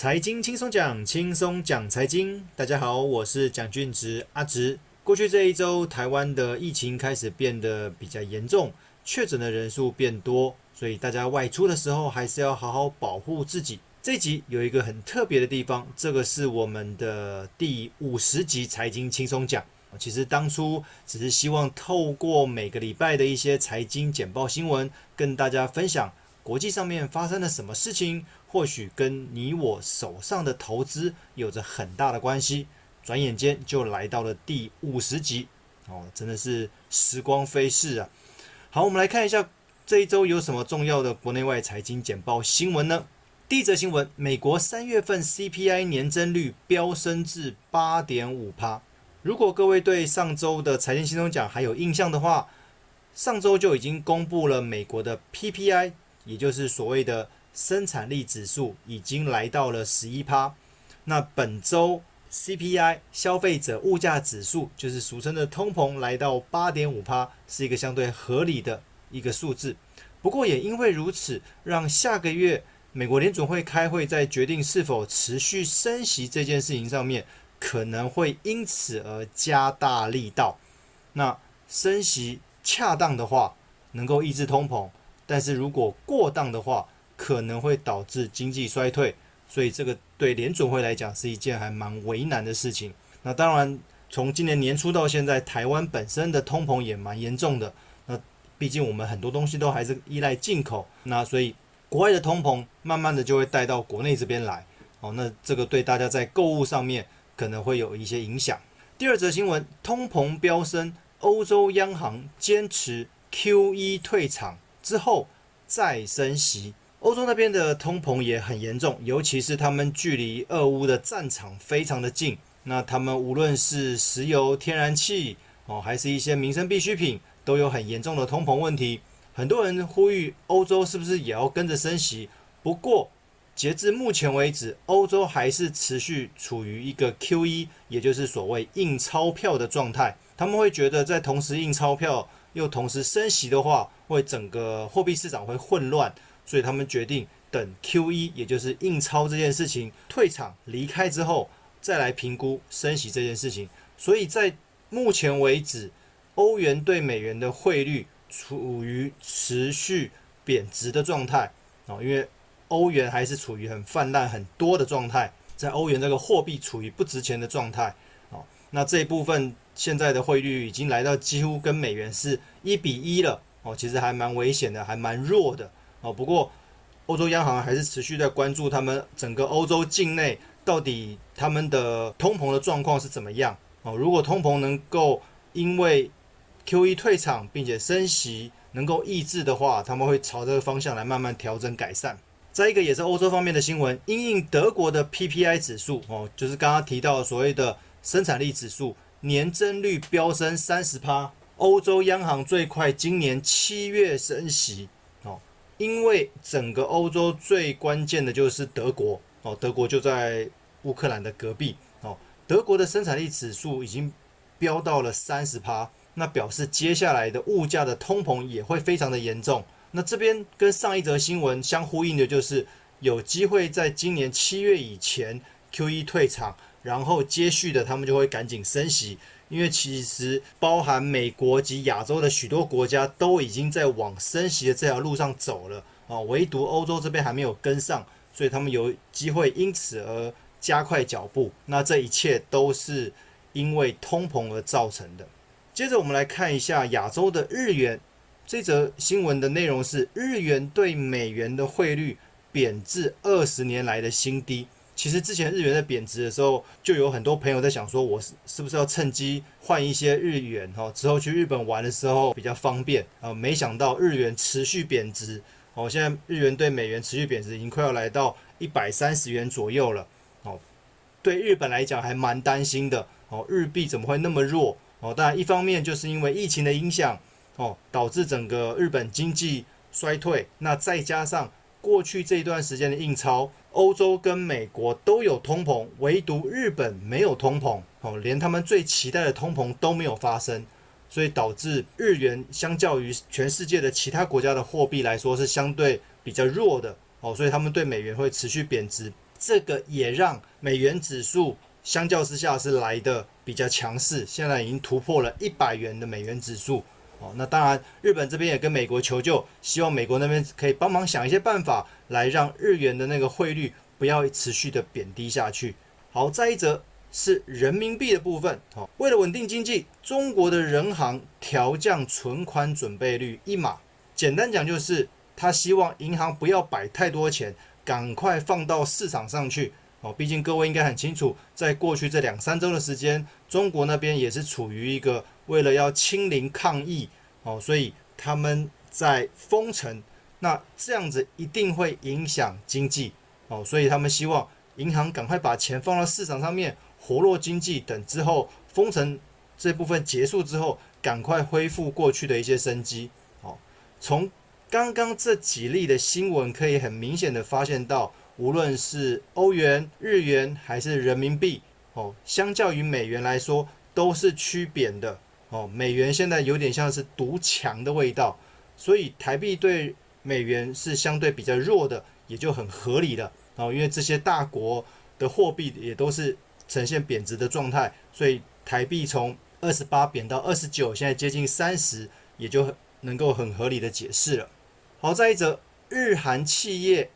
財經輕鬆講，輕鬆講財經。大家好，我是蔣俊植阿植。過去這一周，台灣的疫情開始變得比較嚴重，確診的人數變多，所以大家外出的時候還是要好好保護自己。這一集有一個很特別的地方，這個是我們的第五十集財經輕鬆講。其實當初只是希望透過每個禮拜的一些財經簡報新聞，跟大家分享。國際上面發生了什麼事情，或許跟你我手上的投資有着很大的關係。轉眼間就來到了第五十集，哦，真的是時光飛逝啊！好，我們來看一下這一周有什麼重要的國內外財經簡報新聞呢？第一則新聞：美國三月份 CPI 年增率飆升至八點五趴。如果各位對上周的財經輕鬆講還有印象的話，上周就已經公布了美國的 PPI。也就是所謂的生產力指數已經來到了十一趴，那本周 CPI 消費者物價指數就是俗稱的通膨來到八點五趴，是一個相對合理的一個數字。不過也因為如此，讓下個月美國聯準會開會在決定是否持續升息這件事情上面，可能會因此而加大力道。那升息恰當的話，能夠抑制通膨。但是如果過當的話，可能會導致經濟衰退，所以這個對聯準會來講是一件還蠻為難的事情。那當然，從今年年初到現在，台灣本身的通膨也蠻嚴重的。那畢竟我們很多東西都還是依賴進口，那所以國外的通膨慢慢的就會帶到國內這邊來。哦，那這個對大家在購物上面可能會有一些影響。第二則新聞，通膨飆升，歐洲央行堅持 QE 退場。之後再升息，歐洲那邊的通膨也很嚴重，尤其是他們距離俄烏的戰場非常的近，那他們無論是石油、天然氣哦，還是一些民生必需品，都有很嚴重的通膨問題。很多人呼籲歐洲是不是也要跟着升息？不過截至目前為止，歐洲還是持續處於一個 QE，也就是所謂印鈔票的狀態。他們會覺得在同時印鈔票。又同時升息的話，會整個貨幣市場會混亂，所以他們決定等 QE，也就是印鈔這件事情退場離開之後，再來評估升息這件事情。所以在目前為止，歐元對美元的匯率處於持續貶值的狀態，啊、哦，因為歐元還是處於很泛濫很多的狀態，在歐元這個貨幣處於不值錢的狀態，啊、哦。那這一部分。現在的匯率已經來到幾乎跟美元是一比一了哦，其實還蠻危險的，還蠻弱的哦。不過，歐洲央行還是持續在關注他們整個歐洲境內到底他們的通膨的狀況是怎麼樣哦。如果通膨能夠因為 QE 退場並且升息能夠抑制的話，他們會朝這個方向來慢慢調整改善。再一個也是歐洲方面的新聞，因應德國的 PPI 指數哦，就是剛剛提到的所謂的生產力指數。年增率飆升三十趴，歐洲央行最快今年七月升息哦，因為整個歐洲最關鍵的就是德國哦，德國就在烏克蘭的隔壁哦，德國的生產力指數已經飆到了三十趴，那表示接下來的物價的通膨也會非常的嚴重。那這邊跟上一則新聞相呼應的就是有機會在今年七月以前 QE 退場。然後接續的，他們就會趕緊升息，因為其實包含美國及亞洲的許多國家都已經在往升息的這條路上走了啊，唯獨歐洲這邊還沒有跟上，所以他們有機會因此而加快腳步。那這一切都是因為通膨而造成的。接着我們來看一下亞洲的日元，這則新聞的內容是日元對美元的匯率貶至二十年來的新低。其實之前日元在貶值的時候，就有很多朋友在想說，我是是不是要趁機換一些日元，哈，之後去日本玩的時候比較方便啊、呃，沒想到日元持續貶值，哦，現在日元兌美元持續貶值，已經快要來到一百三十元左右了，哦，對日本來講還蠻擔心的，哦，日幣怎麼會那麼弱？哦，當然一方面就是因為疫情的影響，哦，導致整個日本經濟衰退，那再加上，過去這一段時間的印鈔，歐洲跟美國都有通膨，唯獨日本沒有通膨，哦，連他們最期待的通膨都沒有發生，所以導致日元相較於全世界的其他國家的貨幣來說是相對比較弱的，哦，所以他們對美元會持續貶值，這個也讓美元指數相較之下是來得比較強勢，現在已經突破了一百元的美元指數。哦，那當然，日本這邊也跟美國求救，希望美國那邊可以幫忙想一些辦法，來讓日元的那個匯率不要持續的貶低下去。好，再一則，是人民幣的部分。好，為了穩定經濟，中國的人行調降存款準備率一碼，簡單講就是，他希望銀行不要擺太多錢，趕快放到市場上去。好，畢竟各位應該很清楚，在過去這兩三周的時間，中國那邊也是處於一個。為了要清零抗疫，哦，所以他們在封城，那這樣子一定會影響經濟，哦，所以他們希望銀行趕快把錢放到市場上面，活絡經濟。等之後封城這部分結束之後，趕快恢復過去的一些生機。哦，從剛剛這幾例的新聞可以很明顯的發現到，無論是歐元、日元還是人民幣，哦，相較於美元來說，都是趨貶的。哦，美元現在有點像是獨強的味道，所以台幣對美元是相對比較弱的，也就很合理的哦。因為這些大國的貨幣也都是呈現貶值的狀態，所以台幣從二十八貶到二十九，現在接近三十，也就能夠很合理的解釋了。好，再一則，日韓企業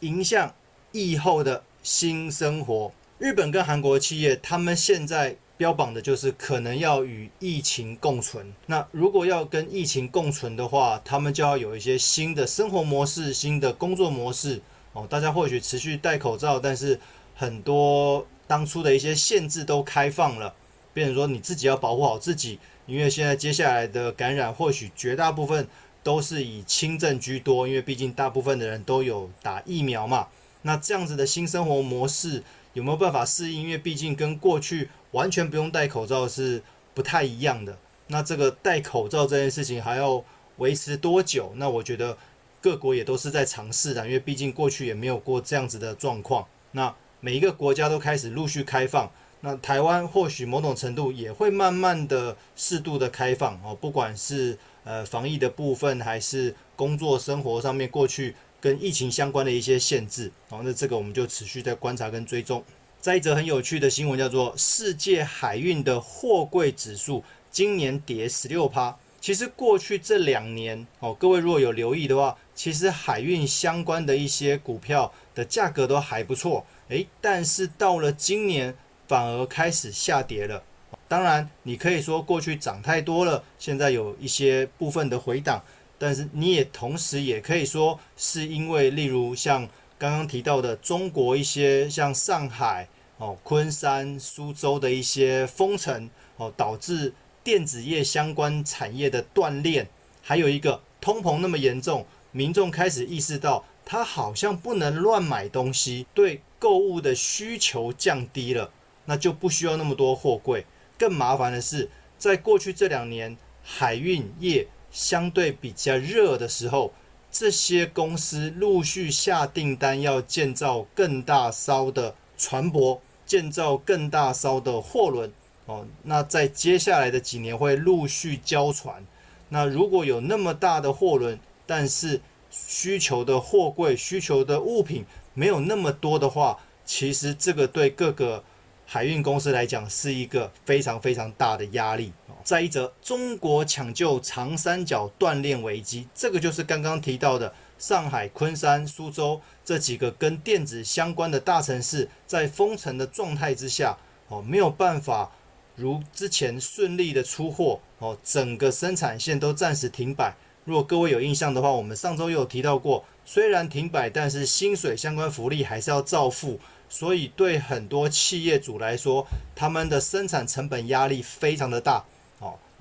迎向疫後的新生活。日本跟韓國企業，他們現在。標榜的就是可能要與疫情共存。那如果要跟疫情共存的話，他們就要有一些新的生活模式、新的工作模式哦。大家或許持續戴口罩，但是很多當初的一些限制都開放了，變成說你自己要保護好自己，因為現在接下來的感染或許絕大部分都是以輕症居多，因為畢竟大部分的人都有打疫苗嘛。那這樣子的新生活模式，有沒有辦法適應？因為畢竟跟過去完全不用戴口罩是不太一樣的。那這個戴口罩這件事情還要維持多久？那我覺得各國也都是在嘗試的，因為畢竟過去也沒有過這樣子的狀況。那每一個國家都開始陸續開放，那台灣或許某種程度也會慢慢的適度的開放哦，不管是呃防疫的部分，還是工作生活上面過去跟疫情相關的一些限制，好，哦，那這個我們就持續在觀察跟追蹤。再一則很有趣的新聞，叫做世界海運的貨櫃指數今年跌十六趴。其實過去這兩年，哦，各位如果有留意的話，其實海運相關的一些股票的價格都還不錯，誒，但是到了今年反而開始下跌了。當然，你可以說過去漲太多了，現在有一些部分的回檔。但是你也同時也可以說，是因為例如像剛剛提到的中國一些像上海哦、昆山、蘇州的一些封城哦，導致電子業相關產業的斷裂，還有一個通膨那麼嚴重，民眾開始意識到他好像不能亂買東西，對購物的需求降低了，那就不需要那麼多貨櫃。更麻煩的是，在過去這兩年海運業。相對比較熱的時候，這些公司陸續下訂單要建造更大艘的船舶，建造更大艘的貨輪。哦，那在接下來的幾年會陸續交船。那如果有那麼大的貨輪，但是需求的貨櫃、需求的物品沒有那麼多的話，其實這個對各個海運公司來講是一個非常非常大的壓力。再一則，中國搶救長三角斷鏈危機，這個就是剛剛提到的上海、昆山、蘇州這幾個跟電子相關的大城市，在封城的狀態之下，哦，沒有辦法如之前順利的出貨，哦，整個生產線都暫時停擺。如果各位有印象的話，我們上週也有提到過，雖然停擺，但是薪水相關福利還是要照付，所以對很多企業主來說，他們的生產成本壓力非常的大。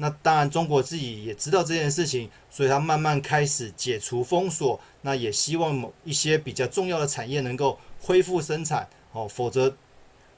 那當然，中國自己也知道這件事情，所以他慢慢開始解除封鎖。那也希望某一些比較重要的產業能夠恢復生產，哦，否則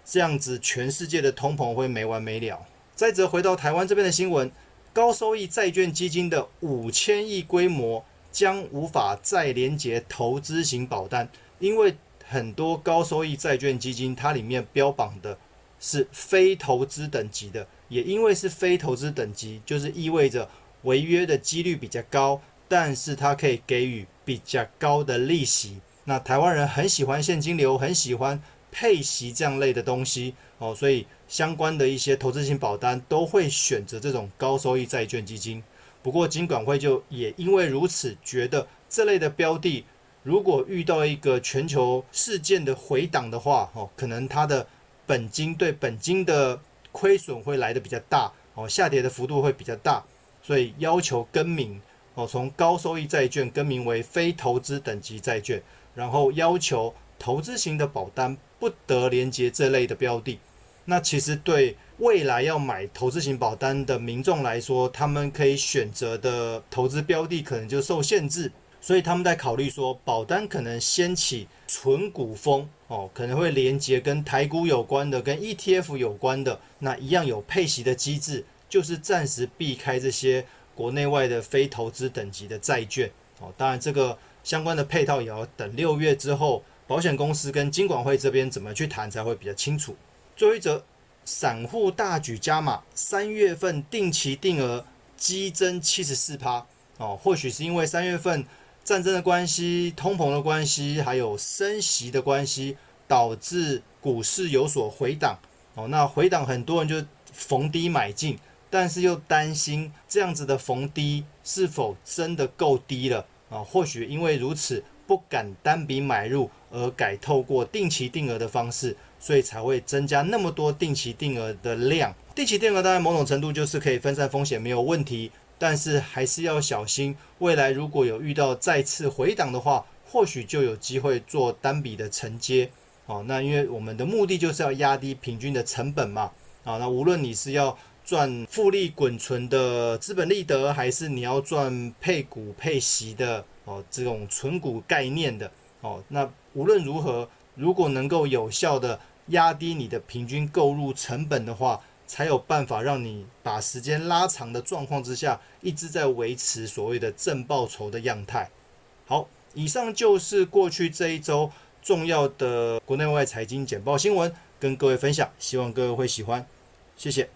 這樣子全世界的通膨會沒完沒了。再者回到台灣這邊的新聞，高收益債券基金的五千億規模將無法再連接投資型保單，因為很多高收益債券基金它裡面標榜的是非投資等級的。也因為是非投資等級，就是意味着違約的幾率比較高，但是它可以給予比較高的利息。那台灣人很喜歡現金流，很喜歡配息這樣類的東西哦，所以相關的一些投資型保單都會選擇這種高收益債券基金。不過，金管會就也因為如此，覺得這類的標的，如果遇到一個全球事件的回檔的話，哦，可能它的本金對本金的。虧損會來的比較大哦，下跌的幅度會比較大，所以要求更名哦，從高收益債券更名為非投資等級債券，然後要求投資型的保單不得連接這類的標的。那其實對未來要買投資型保單的民眾來說，他們可以選擇的投資標的可能就受限制。所以他們在考慮說，保單可能掀起純股風哦，可能會連接跟台股有關的、跟 ETF 有關的那一樣有配息的機制，就是暫時避開這些國內外的非投資等級的債券哦。當然，這個相關的配套也要等六月之後，保險公司跟金管會這邊怎麼去談才會比較清楚。最後一則，散戶大舉加碼，三月份定期定額激增七十四趴哦，或許是因為三月份。戰爭的關係、通膨的關係，還有升息的關係，導致股市有所回檔。哦，那回檔很多人就逢低買進，但是又擔心這樣子的逢低是否真的夠低了啊？或許因為如此，不敢單筆買入，而改透過定期定額的方式，所以才會增加那麼多定期定額的量。定期定額大概某種程度就是可以分散風險，沒有問題。但是還是要小心，未來如果有遇到再次回檔的話，或許就有機會做單筆的承接哦。那因為我們的目的就是要壓低平均的成本嘛啊、哦。那無論你是要賺複利滾存的資本利得，還是你要賺配股配息的哦這種存股概念的哦，那無論如何，如果能夠有效地壓低你的平均購入成本的話。才有辦法讓你把時間拉長的狀況之下，一直在維持所謂的正報酬的樣態。好，以上就是過去這一周重要的國內外財經簡報新聞，跟各位分享，希望各位會喜歡，謝謝。